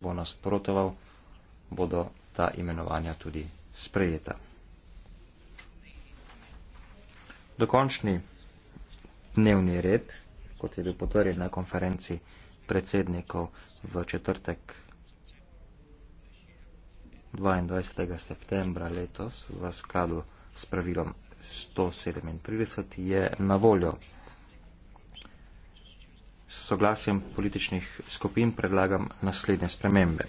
bo nasprotoval, bodo ta imenovanja tudi sprejeta. Dokončni dnevni red, kot je bil potrjen na konferenci predsednikov v četrtek 22. septembra letos v skladu s pravilom 137, je na voljo s soglasjem političnih skupin predlagam naslednje spremembe.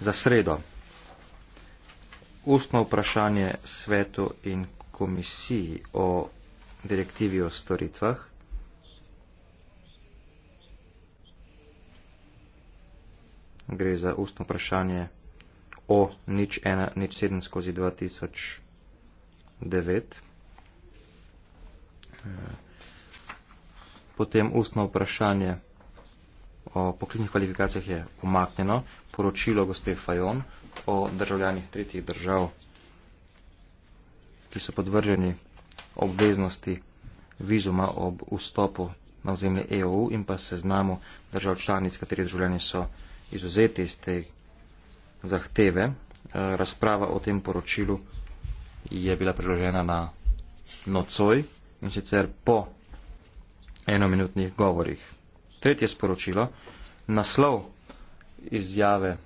Za sredo, ustno vprašanje svetu in komisiji o direktivi o storitvah, gre za ustno vprašanje o nič 1, nič 7 skozi 2009 potem ustno vprašanje o poklicnih kvalifikacijah je omaknjeno, poročilo gospe Fajon o državljanih tretjih držav, ki so podvrženi obveznosti vizuma ob vstopu na ozemlje EU in pa se znamo držav članic, katerih državljani so izuzeti iz te zahteve. Razprava o tem poročilu je bila priložena na nocoj in sicer po enominutnih govorih. Tretje sporočilo, naslov izjave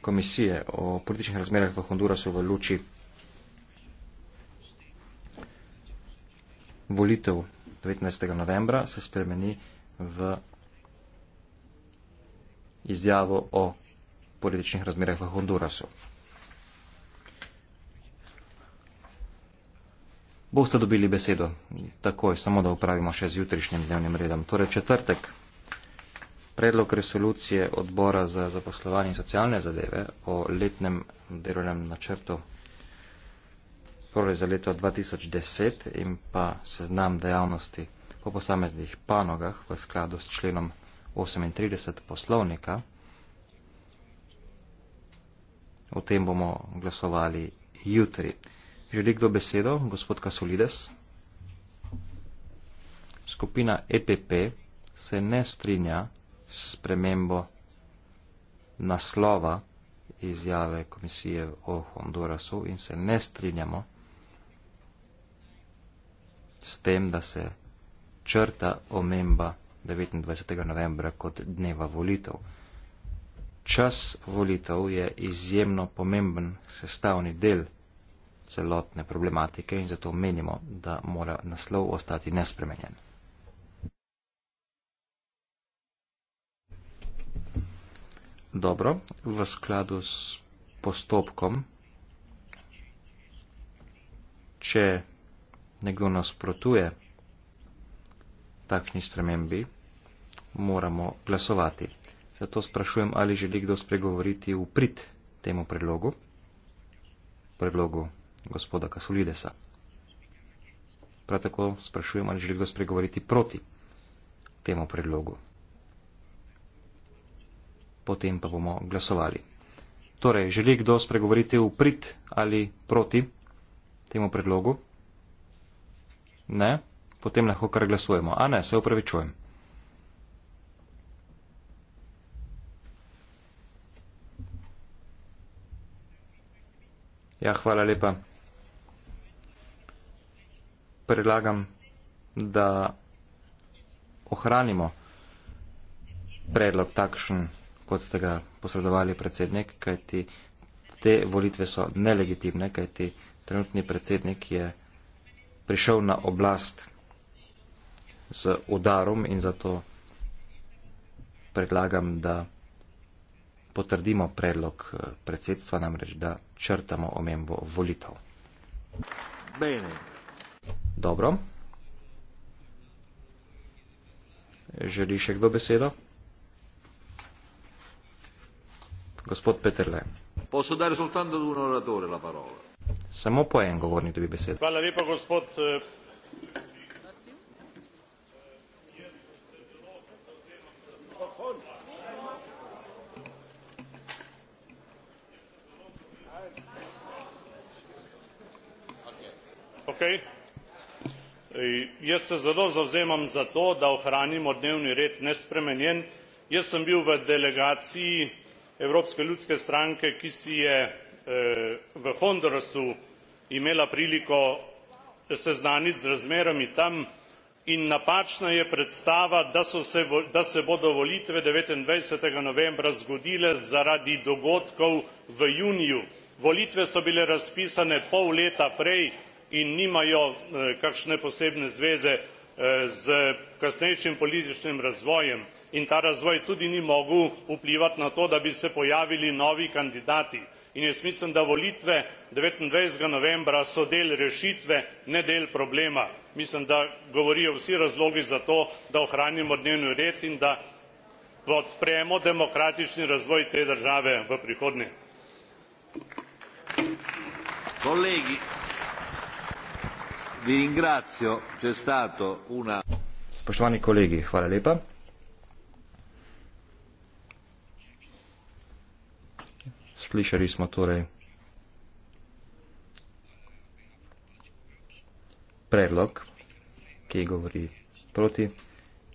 komisije o političnih razmerah v Hondurasu v luči volitev 19. novembra se spremeni v izjavo o političnih razmerah v Hondurasu. Boste dobili besedo takoj, samo da upravimo še z jutrišnjim dnevnim redom. Torej četrtek, predlog resolucije odbora za zaposlovanje in socialne zadeve o letnem delovnem načrtu torej za leto 2010 in pa seznam dejavnosti po posameznih panogah v skladu s členom 38 poslovnika. O tem bomo glasovali jutri. Želi kdo besedo? Gospod Kasolides. Skupina EPP se ne strinja s premembo naslova izjave komisije o Hondurasu in se ne strinjamo s tem, da se črta omemba 29. novembra kot dneva volitev. Čas volitev je izjemno pomemben sestavni del celotne problematike in zato menimo, da mora naslov ostati nespremenjen. Dobro, v skladu s postopkom, če nekdo nasprotuje takšni spremembi, moramo glasovati. Zato sprašujem, ali želi kdo spregovoriti v prid temu predlogu, predlogu gospoda Kasulidesa. Prav tako sprašujem, ali želi kdo spregovoriti proti temu predlogu. Potem pa bomo glasovali. Torej, želi kdo spregovoriti v prid ali proti temu predlogu? Ne? Potem lahko kar glasujemo. A ne, se upravičujem. Ja, hvala lepa predlagam, da ohranimo predlog takšen, kot ste ga posredovali predsednik, kajti te volitve so nelegitimne, kajti trenutni predsednik je prišel na oblast z udarom in zato predlagam, da potrdimo predlog eh, predsedstva, namreč da črtamo omembo volitev. Bene. Dobro. Želi še kdo besedo? Gospod Peterle. Posso dare soltanto ad un oratore la parola. Samo po en govornik dobi besedo. Hvala lepa, gospod. Eh, okay jaz se zelo zavzemam za to da ohranimo dnevni red nespremenjen jaz sem bil v delegaciji evropske ljudske stranke ki si je e, v hondurasu imela priliko seznaniti z razmerami tam in napačna je predstava da so se da se bodo volitve devetindvajsetega novembra zgodile zaradi dogodkov v juniju volitve so bile razpisane pol leta prej in nimajo e, kakšne posebne zveze e, z kasnejšim političnim razvojem in ta razvoj tudi ni mogel vplivati na to, da bi se pojavili novi kandidati. In jaz mislim, da volitve 29. novembra so del rešitve, ne del problema. Mislim, da govorijo vsi razlogi za to, da ohranimo dnevni red in da podpremo demokratični razvoj te države v prihodnje. Kolegi. Spoštovani kolegi, hvala lepa. Slišali smo torej predlog, ki govori proti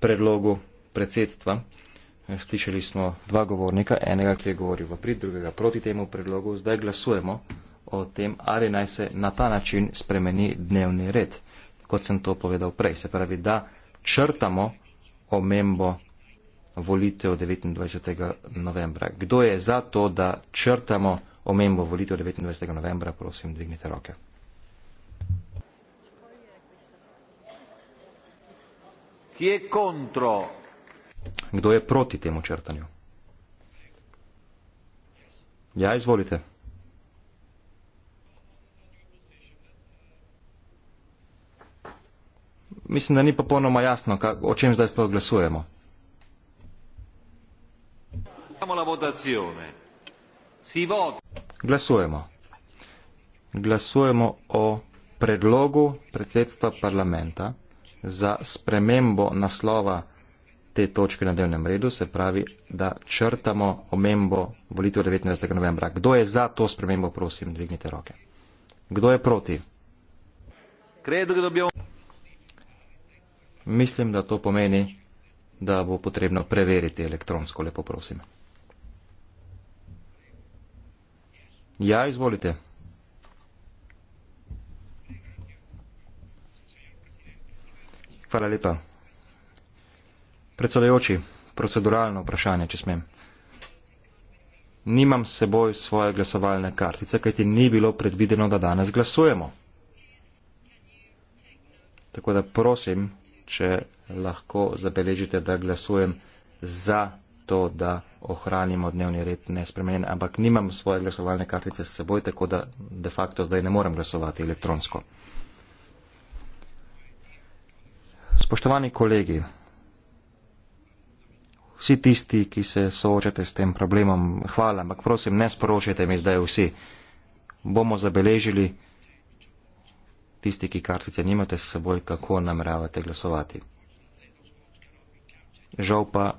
predlogu predsedstva. Slišali smo dva govornika, enega, ki je govoril v prid, drugega proti temu predlogu. Zdaj glasujemo o tem, ali naj se na ta način spremeni dnevni red, kot sem to povedal prej. Se pravi, da črtamo omembo volitev 29. novembra. Kdo je za to, da črtamo omembo volitev 29. novembra? Prosim, dvignite roke. Kdo je proti temu črtanju? Ja, izvolite. Mislim, da ni popolnoma jasno, kak, o čem zdaj sploh glasujemo. Glasujemo. Glasujemo o predlogu predsedstva parlamenta za spremembo naslova te točke na dnevnem redu, se pravi, da črtamo omembo volitev 19. novembra. Kdo je za to spremembo, prosim, dvignite roke. Kdo je proti? Kredo, Mislim, da to pomeni, da bo potrebno preveriti elektronsko, lepo prosim. Ja, izvolite. Hvala lepa. Predsedajoči, proceduralno vprašanje, če smem. Nimam s seboj svoje glasovalne kartice, kajti ni bilo predvideno, da danes glasujemo. Tako da prosim, če lahko zabeležite, da glasujem za to, da ohranimo dnevni red nespremenjen, ampak nimam svoje glasovalne kartice s seboj, tako da de facto zdaj ne morem glasovati elektronsko. Spoštovani kolegi, vsi tisti, ki se soočate s tem problemom, hvala, ampak prosim, ne sporočajte mi zdaj vsi. Bomo zabeležili tisti, ki kartice nimate s seboj, kako nameravate glasovati. Žal pa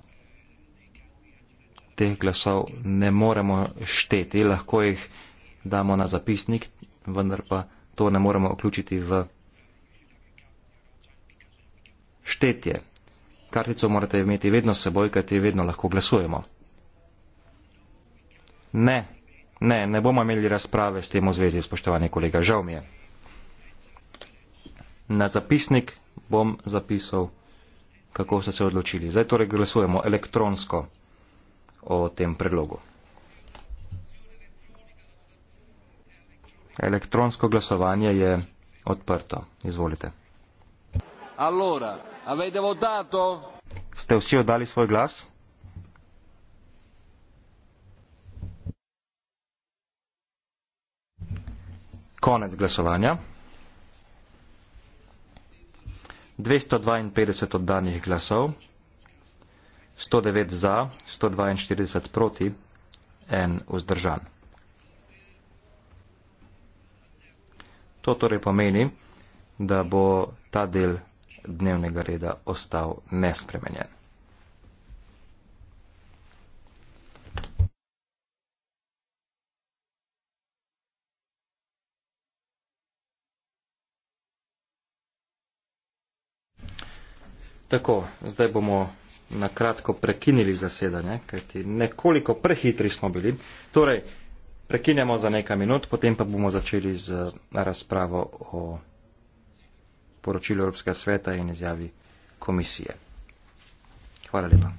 teh glasov ne moremo šteti, lahko jih damo na zapisnik, vendar pa to ne moremo vključiti v štetje. Kartico morate imeti vedno s seboj, kajti vedno lahko glasujemo. Ne, ne, ne bomo imeli razprave s tem v zvezi, spoštovani kolega, žal mi je na zapisnik bom zapisal, kako ste se odločili. Zdaj torej glasujemo elektronsko o tem predlogu. Elektronsko glasovanje je odprto. Izvolite. Allora, avete votato? Ste vsi oddali svoj glas? Konec glasovanja. 252 oddanih glasov, 109 za, 142 proti, en vzdržan. To torej pomeni, da bo ta del dnevnega reda ostal nespremenjen. Tako, zdaj bomo nakratko prekinili zasedanje, kajti nekoliko prehitri smo bili. Torej, prekinjamo za nekaj minut, potem pa bomo začeli z razpravo o poročilu Evropskega sveta in izjavi komisije. Hvala lepa.